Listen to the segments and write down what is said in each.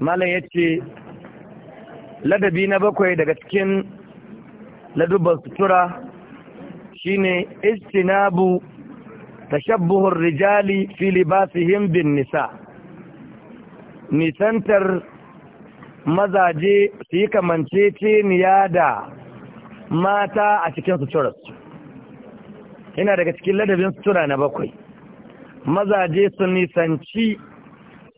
malam ya ce ladabi na bakwai daga cikin ladubar sutura shine istinabu shabbuhun rijali fi libasihim himbin nisa nisantar mazaje su yi kamanceceniya da mata a cikin suturarsu yana daga cikin ladabin sutura na bakwai mazaje su nisanci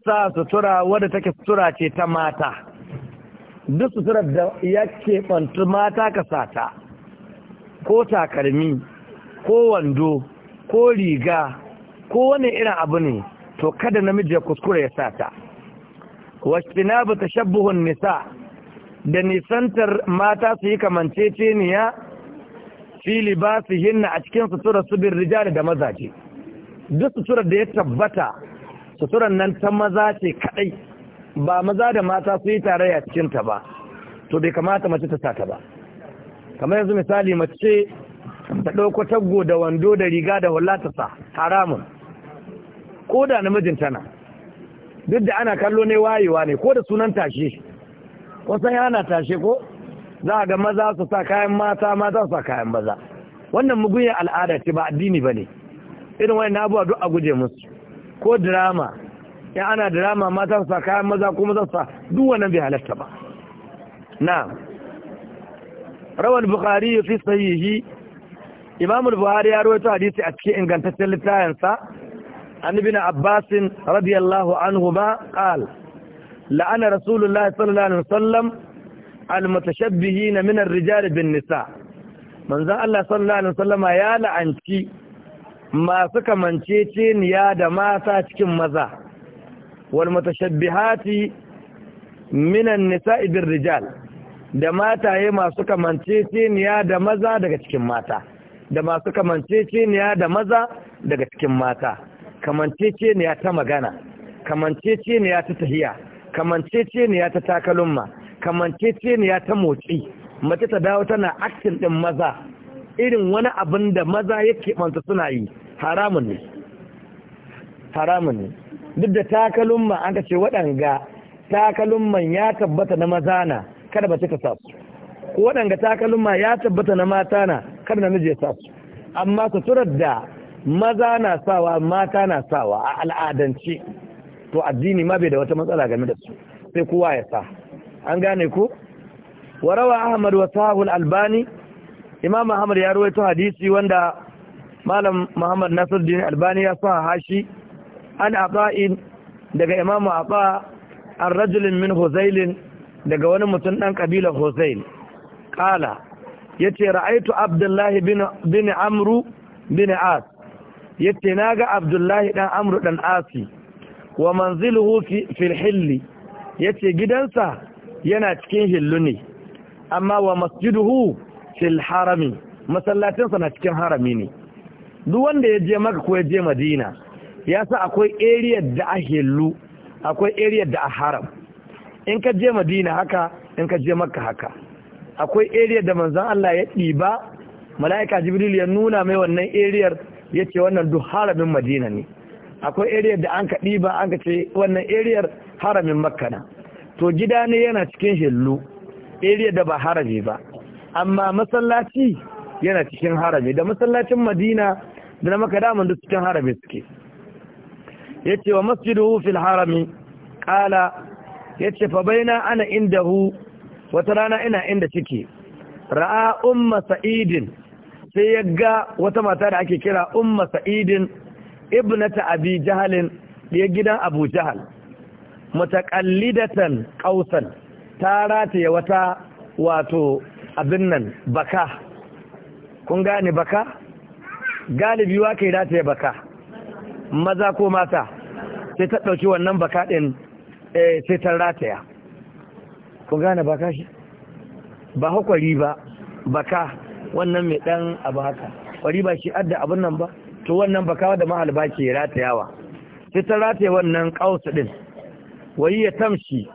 sa sutura wadda take sutura ce ta mata duk suturar da ya keɓantu mata ka sata ko takalmi ko wando ko riga ko wani irin abu ne to kada namiji ya kuskure ya sata wasfina bu shabbuhun nisa da nisantar mata su yi kamanceceniya fili ba su hinna a cikin sutura su bin rijali da mazaje duk suturar da ya tabbata suturan nan ta maza ce kaɗai. ba maza da mata su yi tarayya cikin ta ba to bai kamata mace ta sata ba kamar yanzu misali mace ta ɗauko taggo da wando da riga da hula ta sa haramun ko da namijin tana duk da ana kallo ne wayewa ne ko da sunan tashe wasan yana tashe ko za a ga maza su sa kayan mata mata su sa kayan maza wannan mugunyar al'ada ce ba addini ba ne irin wani na abuwa duk a guje musu ko drama in ana drama mata su sa kayan maza ko maza su sa duk wannan bai halatta ba na rawar bukhari fi sahihi imamul bukhari ya rawaito hadisi a cikin ingantaccen sa an na abbasin radiyallahu anhu ba qal la'ana rasulullahi sallallahu alaihi wasallam al-mutashabbihin min ar-rijal bin nisa manzo Allah sallallahu alaihi wasallama ya la'anci masu kamanceceniya da mata cikin maza wal mutashabbihati minan nisa'i Ibin rijal da mataye masu kamanceceniya da maza daga cikin mata da masu niya da maza daga cikin mata kamanceceniya ta magana kamanceceniya ta tahiya kamanceceniya ta takalumma kamanceceniya ta motsi mace ta dawo tana aktin ɗin maza irin wani abin da maza ya keɓanta suna yi haramun ne haramun ne duk da takalin ma an kace waɗanga takalin man ya tabbata na maza na kada mace ta sa su ko waɗanga takalin ma ya tabbata na mata na kada miji ya sa su amma suturar da maza na sawa mata na sawa a al'adance to addini ma bai da wata matsala game da su sai kowa ya sa an gane ko. warawa ahmad wa الألباني albani imam muhammad ya ruwaito hadisi wanda malam muhammad nasiruddin albani ya sa hashi an aqa'in daga imam aqa an rajulin min huzailin daga wani mutum dan kabilar Ƙala qala yace ra'aitu abdullahi bin bin amru bin as yace naga abdullahi ɗan amru ɗan asi wa manziluhu fi fil hilli yace gidansa yana cikin hillu ne amma wa masjiduhu fil harami masallacinsa na cikin harami ne duk wanda ya je maka ko ya je madina ya sa akwai area da a hillu akwai area da a haram in ka je madina haka in ka je maka haka akwai area da manzon Allah ya ɗiba mala'ika jibril ya nuna mai wannan area ya ce wannan duk haramin madina ne akwai area da an ka ɗiba an ka ce wannan area haramin makka na to gida ne yana cikin hillu area da ba harami ba amma masallaci yana cikin harami da masallacin madina da na maka daman da cikin harami suke ya ce wa masjidu fil harami ƙala ya ce fa bai na ana inda hu wata rana ina inda ciki ra'a umma sa'idin sai ya ga wata mata da ake kira umma sa'idin ibnata abi jahalin da gidan abu jahal mutakallidatan kausan ta rataye wata wato abin nan baka kun gane baka galibi wa kai dace baka maza ko mata sai ta ɗauki wannan baka ɗin eh, sai ta rataya kun gane baka shi ba hakwari ba baka wannan mai ɗan abu haka kwari ba shi adda abin nan ba to wannan baka da mahalba ke ratayawa sai ta rataya wannan ƙausu ɗin wayi ya tamshi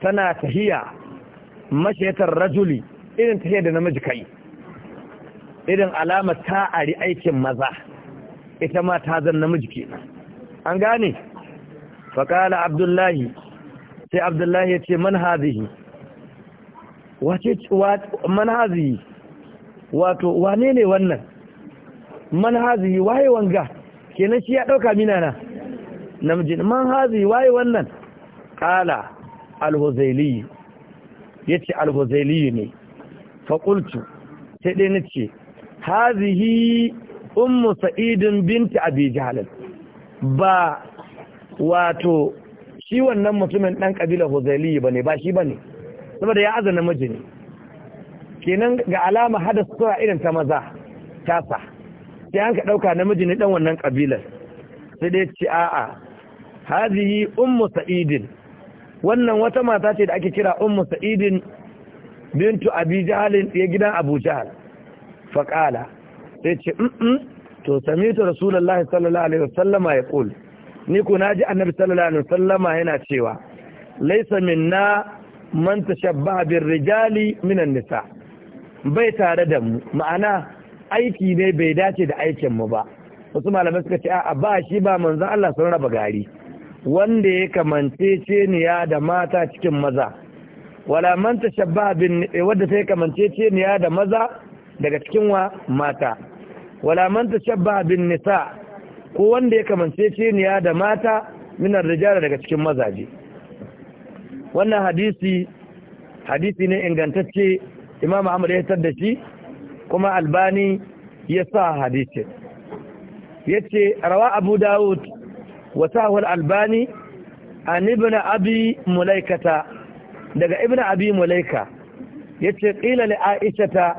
tana tahiya mashayatar rajuli irin ta da namiji kai irin alama ta ari aikin maza ita ma ta zan namiji ke an gane faƙala abdullahi sai abdullahi ya ce man hazihi wace man hazihi wato wane ne wannan man hazihi waye wanga kenan shi ya ɗauka mina na namiji man hazihi waye wannan ƙala alhuzaili ya ce alhuzaili ne faƙultu sai ɗaya na ce hazihi ummu sa'idin binta abi jahalin ba wato ciwannan wannan mutumin ɗan ƙabilar huzali ba ne ba shi ba ne saboda ya azana miji ne kenan ga alama hada sura irin ta maza tasa sai an ka ɗauka namiji ne ɗan wannan kabilar sai dai ci, a'a hazihi ummu sa'idin wannan wata mata ce da ake kira ummu sa'idin bintu abi jahalin ya gidan abu jahal faƙala sai ce to samitu Rasulallah sallallahu alaihi wasallama ya ƙul ni ku naji annabi sallallahu alaihi wasallama yana cewa laisa minna man tashabbaha bir rijali minan nisa bai tare da mu ma'ana aiki ne bai dace da aikin mu ba wasu malamai suka ce a ba shi ba manzon Allah sun raba gari wanda ya kamancece niya da mata cikin maza wala man tashabbaha bin eh, wadda sai kamance ce ya da maza daga cikin wa mata wala man tashabbaha bin nisa ko wanda ya kamance ce ya da mata minar rijal daga cikin mazaje wannan hadisi hadisi ne ingantacce imam ahmad ya tar da shi kuma albani ya sa hadisi yace rawa abu dawud wa sahul albani an ibn abi mulaikata daga ibn abi mulaika yace qila li aishata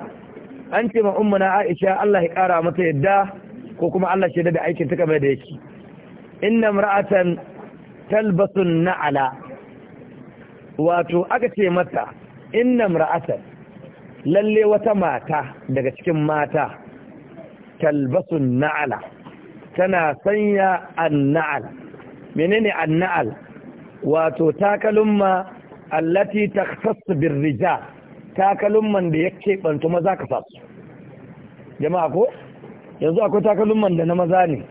an ce ma ummuna aisha Allah ya kara mata yadda ko kuma Allah shi da aikin ta kamar da yake inna imra'atan talbasu na'ala wato aka ce mata inna imra'atan lalle wata mata daga cikin mata talbasu na'ala tana sanya an-na'al, na'al menene naal wato takalumma allati takhtassu birrijal takalumman da ya keɓantu maza ka fasu jama'a ko yanzu akwai takalumman da na maza ne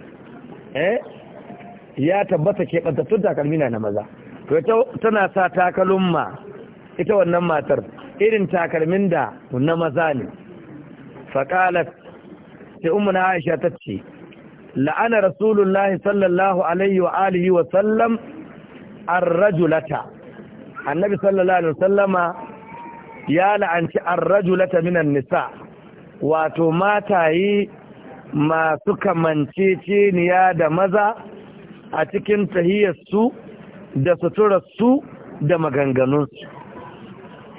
eh ya tabbata keɓantattun takalmi na na maza to ita tana sa takalumma ita wannan matar irin takalmin da na maza ne faƙalat sai ummu na aisha ta ce la'ana rasulullahi sallallahu alaihi wa alihi wa sallam ar-rajulata annabi sallallahu alaihi wasallama ya la'anci ar-rajulata minan nisa wato mataye masu kamanceceniya da maza a cikin tahiyarsu da suturarsu da maganganunsu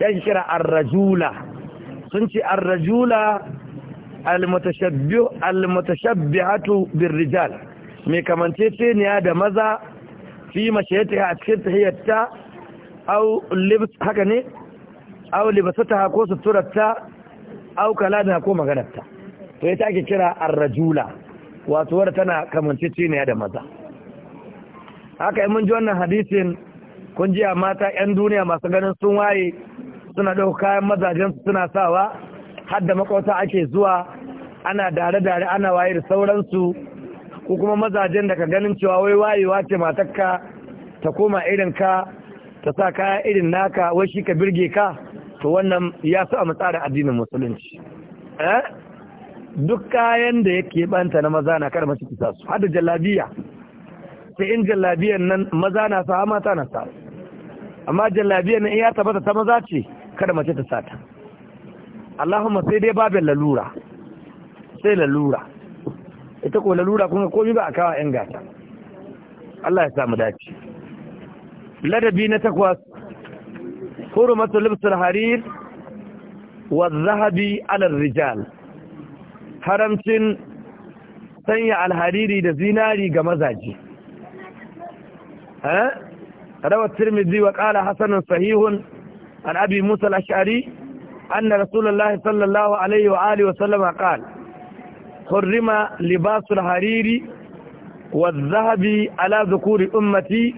yan kira arrajula sun ce arrajula mutashabbihatu birrijal mai kamanceceniya da maza fi mace a cikin tahiyyarta au libs haka ne au libasataha ko suturarta au kalamiha ko maganarta to ita ake kira arrajula wato wadda tana ne da maza haka mun ji wannan hadisin kun ji a mata 'yan duniya masu ganin sun waye suna dauka kayan mazajen suna sawa har da makwauta ake zuwa ana dare-dare ana waye da sauransu ko kuma mazajen da ka ganin cewa wai wayewa ce matakka ta koma irin ka ta sa kaya irin naka wai shi ka birge ka to wannan ya fi a matsarin addinin musulunci eh? duk kayan da yake banta na maza na kar mace kisa su hada jallabiya sai in jallabiyan nan maza na sa mata na sa amma jallabiyan nan ya tabbata ta maza ce kada mace ta sata Allahumma sai dai babin lalura sai lalura ita ko lalura kuma komai ba a kawo yan gata Allah ya samu dace ladabi na takwas hurumatu libsul harir wadhahabi alal rijal haramcin sanya alhariri da zinari ga mazaji ha rawa tirmidhi wa qala hasan sahihun an abi musa al-ash'ari anna rasulullahi sallallahu alayhi wa alihi wa hurrima libasul hariri wadhahabi ala dhukuri ummati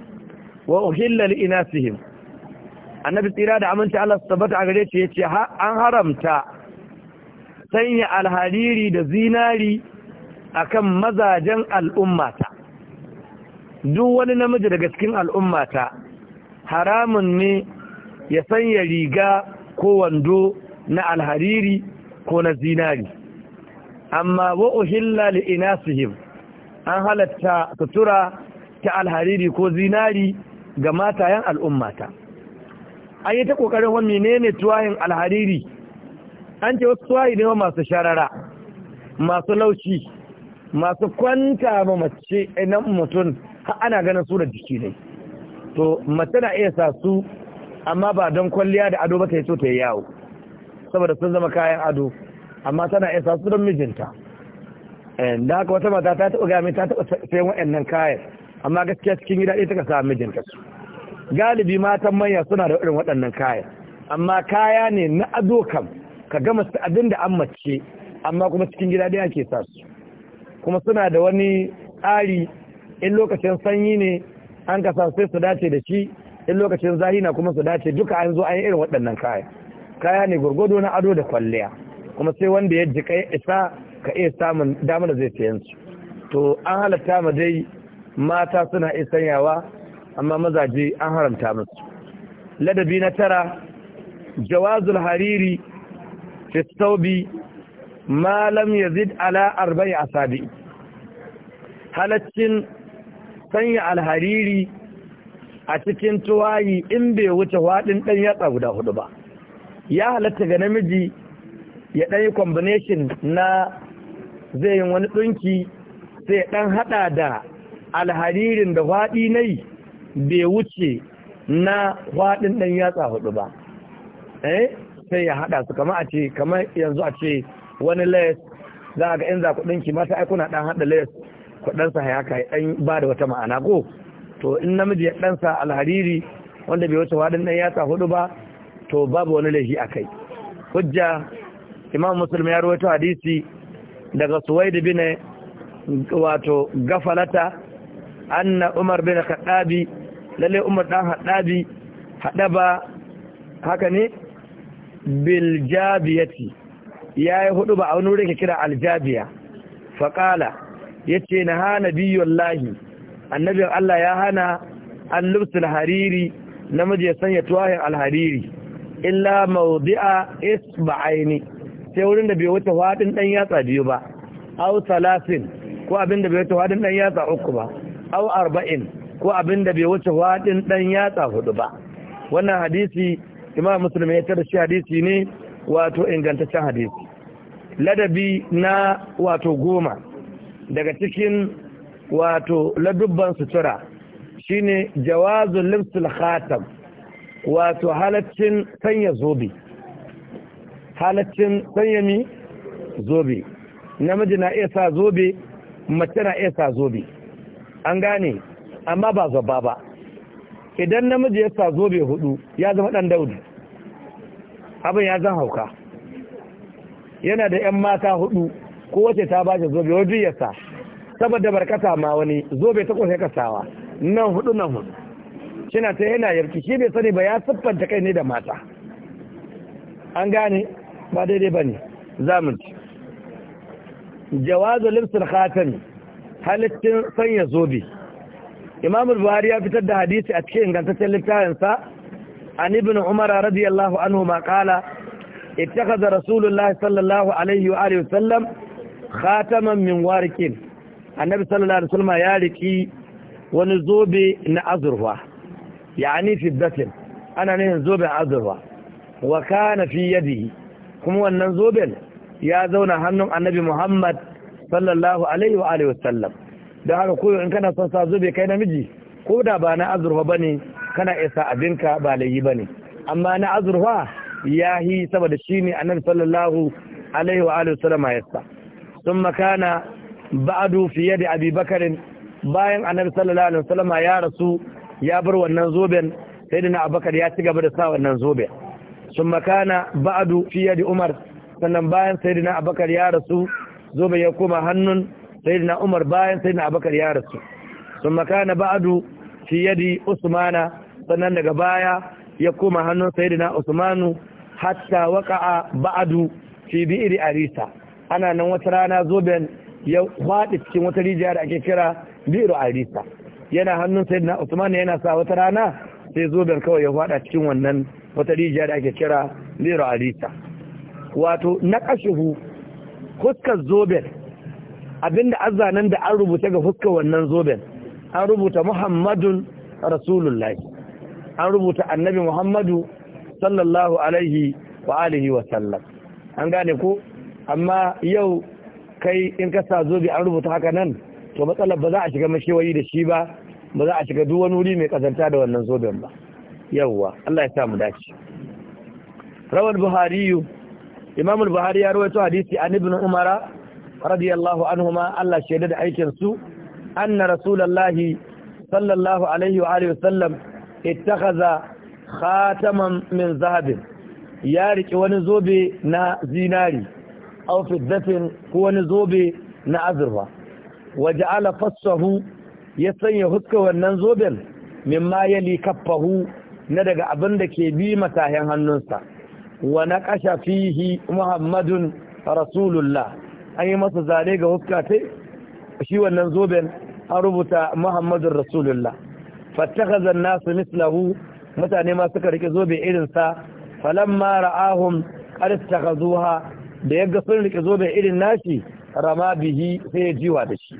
wa uhilla li inasihim annabi tsira da aminci Allah tabbata a gare shi yace an haramta sanya alhariri da zinari a kan mazajen al'ummata duk wani namiji daga cikin al'ummata haramun ne ya sanya riga ko wando na alhariri ko na zinari amma wa uhilla li inasihim an halatta sutura ta alhariri ko zinari ga matayen al'ummata an yi ta ƙoƙarin wa menene tuwayin alhariri an ce wasu tuwayi ne masu sharara masu laushi masu kwanta ma mace eh, nan mutum ana ganin su da jiki ne to mace na iya sa su amma ba don kwalliya da ado ba ta yi so ta yi yawo saboda sun zama kayan ado amma tana iya sa su don mijinta eh, da haka wata mata ta taɓa gami ta taɓa sayan waɗannan kayan amma gaskiya cikin gida ɗaya taka samu mijinta su galibi matan manya suna da irin waɗannan kaya amma kaya ne na ado kam ka gama su abin da an mace amma kuma cikin gida ɗaya ke sa su kuma suna da wani tsari in lokacin sanyi ne an kasa sai su dace da shi in lokacin zahina kuma su dace duka an zo an yi irin waɗannan kaya kaya ne gwargwado na ado da kwalliya kuma sai wanda ya jika ya isa ka iya samun damar da zai sayan su to an halatta ma dai mata suna iya sanyawa amma mazaje an haramta musu ladabi na tara jawazul hariri fi thawbi ma lam yazid ala arba'i asabi halaccin sanya alhariri a cikin tuwayi in bai wuce wadin ɗan yatsa guda hudu ba ya halatta ga namiji ya ɗan yi combination na zai yi wani ɗunki sai dan ɗan haɗa da alharirin da faɗi na yi bai wuce na faɗin ɗan yatsa hudu ba eh sai ya haɗa su kama a ce kama yanzu a ce wani layas za a ga yan za ku ɗinki mata ai kuna ɗan haɗa layas kuɗansa ya haka ɗan ba da wata ma'ana ko to in namiji ya ɗansa alhariri wanda bai wuce faɗin ɗan yatsa hudu ba to babu wani laifi a kai hujja imam musulmi ya rawaito hadisi daga suwaid bin wato gafalata anna umar bin haɗabi lalle umar ɗan haɗabi haɗaba haka ne biljabiyati ya yi hudu ba a wani wurin ka kira aljabiya faƙala ya ce na hana biyun lahi annabin Allah ya hana an lubsul hariri namiji ya sanya tuwahin alhariri illa maudi'a isba'aini sai wurin da bai wuce faɗin ɗan yatsa biyu ba au salasin ko abin da bai wuce faɗin ɗan yatsa uku ba au arba'in ko abinda bai wuce wadin ɗan yatsa hudu ba wannan hadisi imam muslim ya tada shi hadisi ne wato ingantaccen hadisi ladabi na wato goma daga cikin wato ladubban sutura shine jawazul libsul khatam wato halaccin sanya zobe halaccin sanya mi zobe namiji na iya sa zobe mace na iya sa zobe an gane amma ba zaba ba idan namiji ya sa zobe hudu ya zama dan daudi abin ya zan hauka yana da yan mata hudu ko wace ta ba shi zobe wajen ya sa saboda barkata ma wani zobe ta kusa kasawa nan hudu nan hudu shina ta yana yarki shi bai sani ba ya siffanta kai ne da mata an gane ba daidai ba ne zamanci jawazu lipsin khatami halittin sanya zobe imam buhari ya fitar da hadisi a cikin ingantaccen littafinsa an ibn umar radiyallahu anhu ma qala ittakhadha rasulullah sallallahu alaihi wa alihi wasallam khataman min warqin annabi sallallahu alaihi wasallam ya riki wani zobe na azurwa yani fiddatin ana nihin zoben azurwa wa kana fi yadihi kuma wannan zoben ya zauna hannun annabi muhammad sallallahu alaihi wa alihi wasallam don haka koyo in kana son sa zobe kai namiji ko da ba na azurfa bane kana isa abinka ba layi bane amma na azurfa yahi saboda shine annabi sallallahu alaihi wa alihi wasallam ya sa thumma kana ba'du fi yadi abi bakarin bayan annabi sallallahu alaihi wasallam ya rasu ya bar wannan zoben sayyidina abubakar ya ci gaba da sa wannan zoben thumma kana ba'du fi yadi umar sannan bayan sayyidina abubakar ya rasu zoben ya koma hannun na Umar bayan na Abakar ya rasu sun makana ba'adu shi yadi Usmana sannan daga baya ya koma hannun na Usmanu hatta a ba'adu fi a Arisa ana nan wata rana zoben ya faɗi cikin wata rijiya da ake kira a Arisa yana hannun na Usmanu yana sa wata rana sai zoben kawai ya faɗa cikin wannan wata rijiya da ake kira a Arisa wato na fuskar zoben abinda azanan da an rubuta ga fuskar wannan zoben an rubuta muhammadun rasulullahi an rubuta annabi muhammadu sallallahu alaihi wa alihi wa sallam an gane ko amma yau kai in ka sa zobe an rubuta haka nan to matsalar ba za a shiga mashewayi da shi ba ba za a shiga duk wani wuri mai kazanta da wannan zoben ba yawwa Allah ya sa mu dace rawal buhariyu imam al-buhari ya rawaito hadisi an ibn umara radiyallahu anhuma Allah shaida da aikin su anna rasulullahi sallallahu alaihi wa alihi wasallam ittakhadha khataman min zahabin ya riki wani zobe na zinari aw dafin ko wani zobe na azurfa waja'ala fassahu ya sanya huska wannan zoben mimma yali kaffahu na daga abin da ke bi matahin hannunsa wa naqasha fihi muhammadun rasulullah an yi masa zane ga huska ta shi wannan zoben an rubuta muhammadun rasulullah fattakaza nasu mislahu mutane ma suka rike zobe irinsa falamma ra'ahum qad zuwa da yaga sun rike zobe irin nashi rama bihi sai jiwa da shi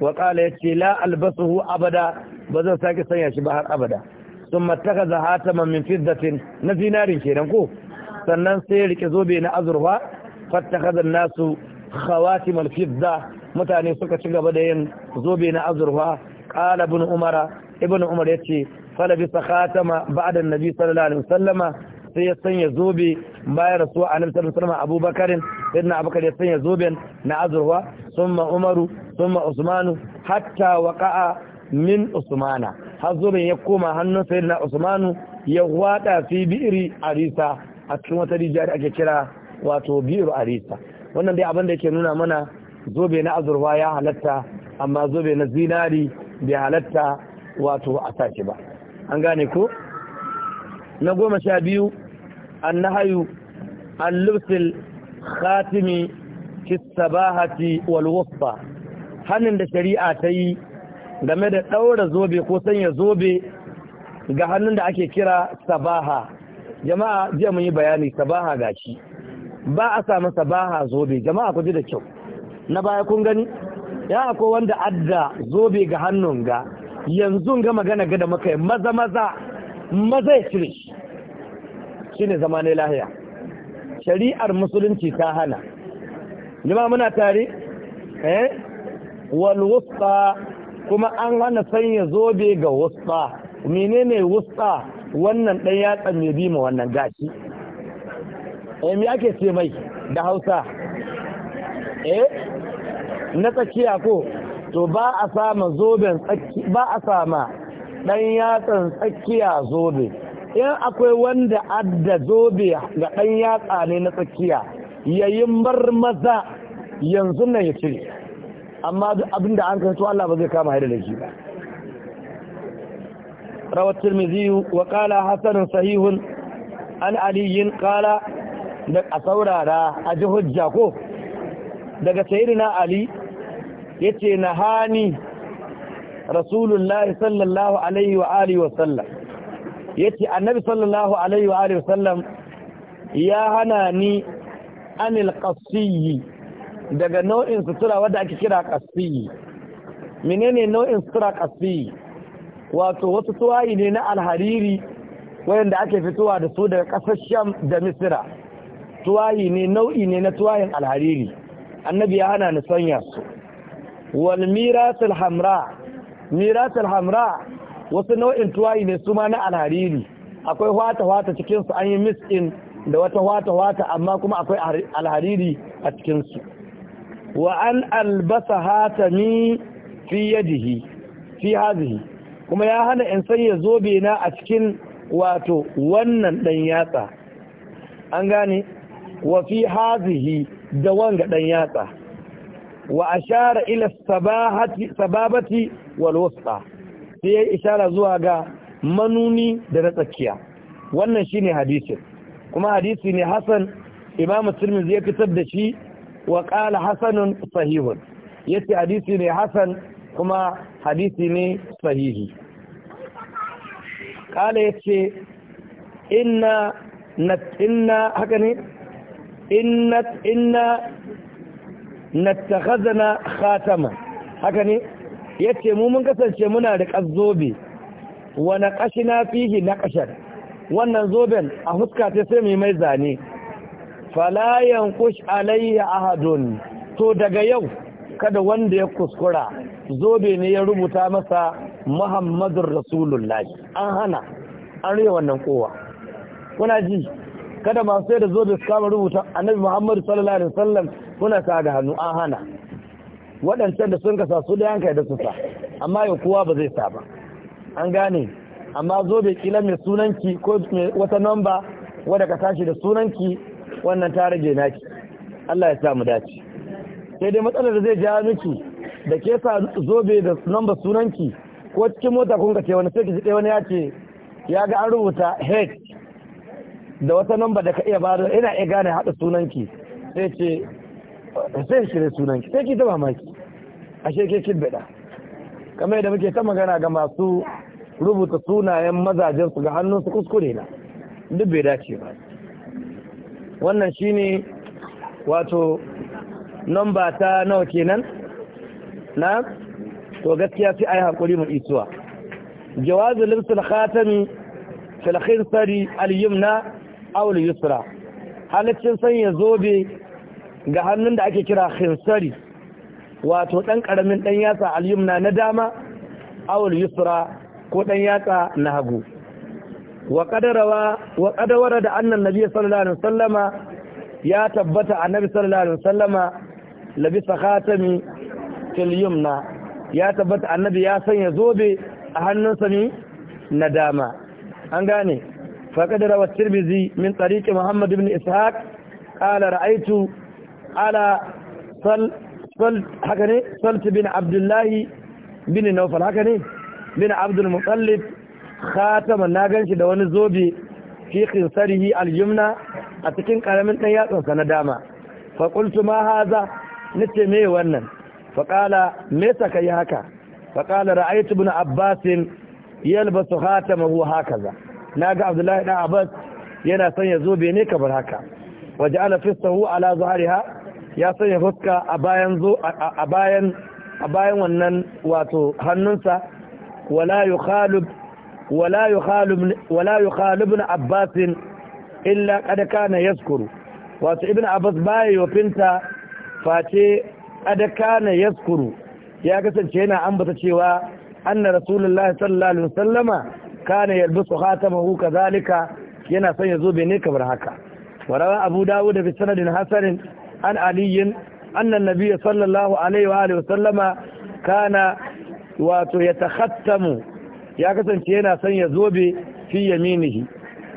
wa qala yace la albasuhu abada Ba zan sake sanya shi ba har abada thumma mataka hataman min fiddatin na zinarin kenan ko sannan sai rike zobe na azurfa fattakhadha nasu khawatim al mutane suka ci gaba da yin zobe na azurfa qala bin umar ibn umar ce fala bi sakhatama ba'da nabi sallallahu alaihi wasallama sai ya sanya zobe bayan rasuwa annabi sallallahu alaihi wasallam abubakarin sayyidina abubakar ya sanya zoben na azurfa thumma umaru thumma usmanu hatta waqa'a min usmana har zoben ya koma hannun sayyidina usmanu ya wada fi bi'ri arisa a cikin wata rijiya da ake kira wato biyar arisa wannan dai abin da yake nuna mana zobe na azurwa ya halatta amma zobe na zinari bai halatta wato a sake ba an gane ko na goma sha biyu an na hayu an lubsil khatimi kista sabahati wal hannun da shari'a ta yi game da ɗaura zobe ko sanya zobe ga hannun da ake kira sabaha jama'a jiya mun yi bayani sabaha gashi ba a masa Baha zobe jama'a ku ji da kyau na baya kun gani ya ko wanda adda zobe ga hannun ga yanzu ga magana ga da muka yi maza maza maza ya cire shi ne zama ne lahiya shari'ar musulunci ta hana jama'a muna tare eh wal kuma an hana sanya zobe ga wusta menene wusta wannan ɗan yatsan mai bi ma wannan gashi eh me ake ce mai da hausa eh na tsakiya ko to ba a sama zoben tsaki ba a sama ɗan yatsan tsakiya zobe in akwai wanda adda zobe ga ɗan yatsa ne na tsakiya yayin marmaza yanzu nan ya cire amma abin da an kai to Allah ba zai kama haida da shi ba روى الترمذي وقال حسن صحيح عن علي قال a saurara a ji hujja ko daga sayyidina ali yace nahani rasulullahi sallallahu alaihi wa alihi wa sallam yace annabi sallallahu alaihi wa alihi wa sallam ya hana ni anil qasiyi daga nau'in sutura wanda ake kira qasiyi menene nau'in sutura qasiyi wato wasu tuwayi ne na alhariri wayanda ake fitowa da su daga ƙasar sham da misira tuwayi ne nau'i ne na tuwayin alhariri annabi ya hana ni sanya su wal miratul hamra miratul hamra wasu nau'in tuwayi ne su ma na alhariri akwai hwata-hwata cikinsu an yi mis'in da wata hwata-hwata amma kuma akwai alhariri a cikinsu wa an albasa hatami fi yadihi fi hadhihi kuma ya hana in sanya zobe na a cikin wato wannan dan yatsa an gane wa fi hazihi da wanga dan yatsa wa ashara ila sabahati sababati wal wasta sai ya ishara zuwa ga manuni da na tsakiya wannan shine hadisin kuma hadisi ne hasan imam tirmidhi ya fitar da shi wa qala hasanun sahihun yace hadisi ne hasan kuma hadisi ne sahihi kala ya ce inna natinna haka ne inna inna khatama haka ne yace mu mun kasance muna da kazzobe wa naqashina fihi ƙashar. wannan zoben a huska ta sai mai mai zane fala kush alayya ahadun to daga yau kada wanda ya kuskura zobe ne ya rubuta masa muhammadun rasulullah an hana an riya wannan kowa kuna ji kada masu sai da zobe su kama rubuta annabi muhammadu sallallahu alaihi wasallam kuna sa ga hannu an hana waɗancan da sun kasa su da yanka da su sa amma yau kowa ba zai sa ba an gane amma zobe kila mai sunanki ko mai wata namba wadda ka tashi da sunanki wannan ta rage naki Allah ya samu mu dace sai dai matsalar da zai ja miki da ke sa zobe da namba sunanki ko cikin mota kun ka ce wani sai ki ji wani ya ce ya ga an rubuta h da wata namba da ka iya ba ina iya gane haɗa sunanki sai ce sai shirye sunanki sai ki zama maki. ashe ke kin bida kamar yadda muke ta magana ga masu rubuta sunayen mazajen su ga hannun su kuskure na duk bai dace ba wannan shine wato namba ta nawa kenan na to gaskiya sai ai hakuri mu isuwa jawazu limsul khatami fil khirsari al yumna aw al yusra halaccin sanya zobe ga hannun da ake kira khirsari wato dan karamin dan yatsa al yumna na dama aw al yusra ko dan yatsa na hagu wa qadarawa wa qadawara da annan nabi sallallahu alaihi wasallama ya tabbata annabi sallallahu alaihi wasallama labisa khatami fil yumna ya tabbata annabi ya sanya zobe a hannunsa ne na dama an gane faqad wa tirmizi min tariq muhammad ibn ishaq qala ra'aytu ala sal sal haka ne salt bin abdullahi bin nawfal haka ne bin abdul muqallib khatama na ganshi da wani zobe fi khinsarihi al-yumna a cikin karamin dan yatsansa na dama fa qultu ma hadha nace me wannan faƙala me yasa ka yi haka faƙala ra'aytu ibn abbas yalbasu za na ga abdullahi dan abbas yana son ya zobe ne kamar haka waje ala fistahu ala zuhariha ya sanya fuska a bayan zo a bayan a bayan wannan wato hannunsa wala yukhalib wala yukhalib wala yukhalib ibn abbas illa qad kana yaskuru wato ibn abbas baya yofinta face qad kana yaskuru ya kasance yana ambata cewa anna rasulullahi sallallahu alaihi wasallama kana yalbisu khatamahu kadhalika yana son ya zobe ne kamar haka warawa abu dawud da sanadin hasanin an aliyin anna nabiyyi sallallahu alaihi wa alihi wasallama kana wato yatakhattamu ya kasance yana son ya zobe fi yaminihi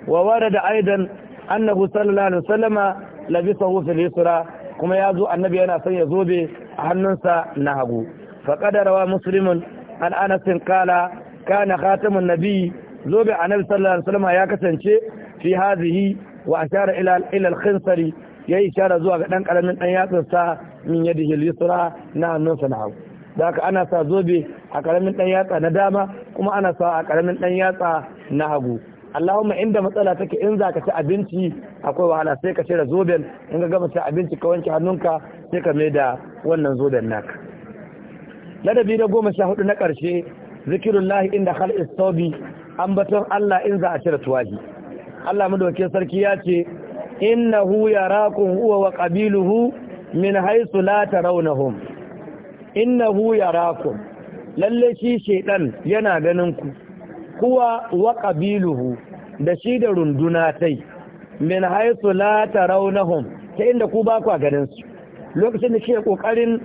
wa warada aidan annahu sallallahu alaihi wasallama labisahu fil yusra kuma ya zo annabi yana son ya zobe a hannunsa na hagu faƙadarawa musulmin an anasin kala kana khatamun nabi zobe annabi sallallahu alaihi wasallam ya kasance fi hazihi wa ashara ila ila al-khinsari ya ishara zuwa ga dan karamin dan yatsun sa min yadihi al-yusra na hannunsa na hagu da haka ana sa zobe a karamin dan yatsa na dama kuma ana sa a karamin dan yatsa na hagu Allahumma inda matsala take in za ka ci abinci akwai wahala sai ka cire zoben in ka gama ci abinci ka wanke hannunka sai ka mai da wannan zoben naka ladabi na goma sha hudu na ƙarshe zikirullahi inda hal istobi ambaton Allah in za a cire tuwaji. Allah madaukakin sarki ya ce innahu yarakum huwa wa qabiluhu min haythu la tarawnahum innahu yarakum lalle shi shedan yana ganin ku huwa wa qabiluhu da shi da runduna tai min haythu la tarawnahum ta inda ku ba ku ganin su lokacin da kike kokarin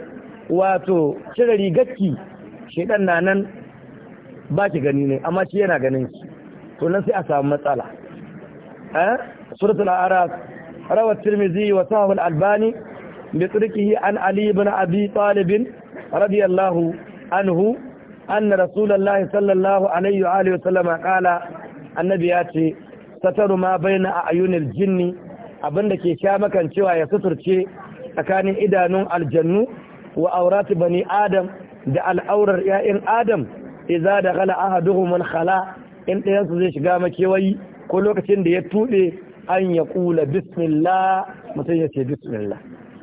wato cire rigakki shedan na nan ba ki gani ne amma shi yana ganin ki to nan sai a samu matsala eh suratul a'raf rawa tirmizi wa sahih al-albani bi turkihi an ali ibn abi talib radiyallahu anhu anna rasulullahi sallallahu alaihi wa alihi wasallama kala annabi ya ce sataru ma baina a ayunil jinni abinda ke sha makan cewa ya suturce tsakanin idanun aljannu wa aurati bani adam da al'aurar 'ya'yan adam idza da gala ahaduhum khala in ɗayan su zai shiga makewayi ko lokacin da ya tuɗe an ya kula bismillah mutum ya ce bismillah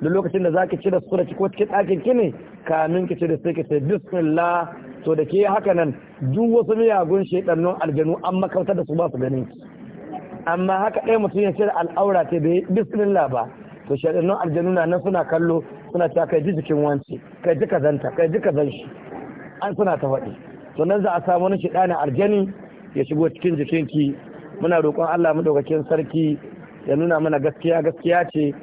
duk lokacin da zaki da sura ko cikin ɗakin ki ne kamin ki da sai ki ce bismillah to da ke haka nan duk wasu miyagun shaidannun aljanu an makauta da su ba su ganin amma haka ɗaya mutum ya cire al'aura ce yi bismillah ba to shaidannun aljanu na nan suna kallo suna cewa kai ji jikin wance kai ji kazanta kai ji kazan shi an suna ta faɗi to nan za a samu wani shaidanin aljani ya shigo cikin jikin ki. muna roƙon Allah madaukakin sarki ya nuna mana gaskiya gaskiya ce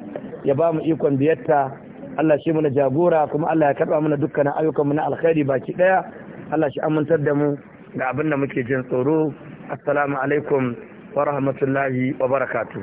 ya ba mu ikon biyarta Allah shi mana jagora kuma Allah ya karba mana dukkanin ayyukan mu na alkhairi baki ɗaya. Allah shi amintar da mu ga abin da muke jin tsoro assalamu alaikum wa rahmatullahi wa barakatuh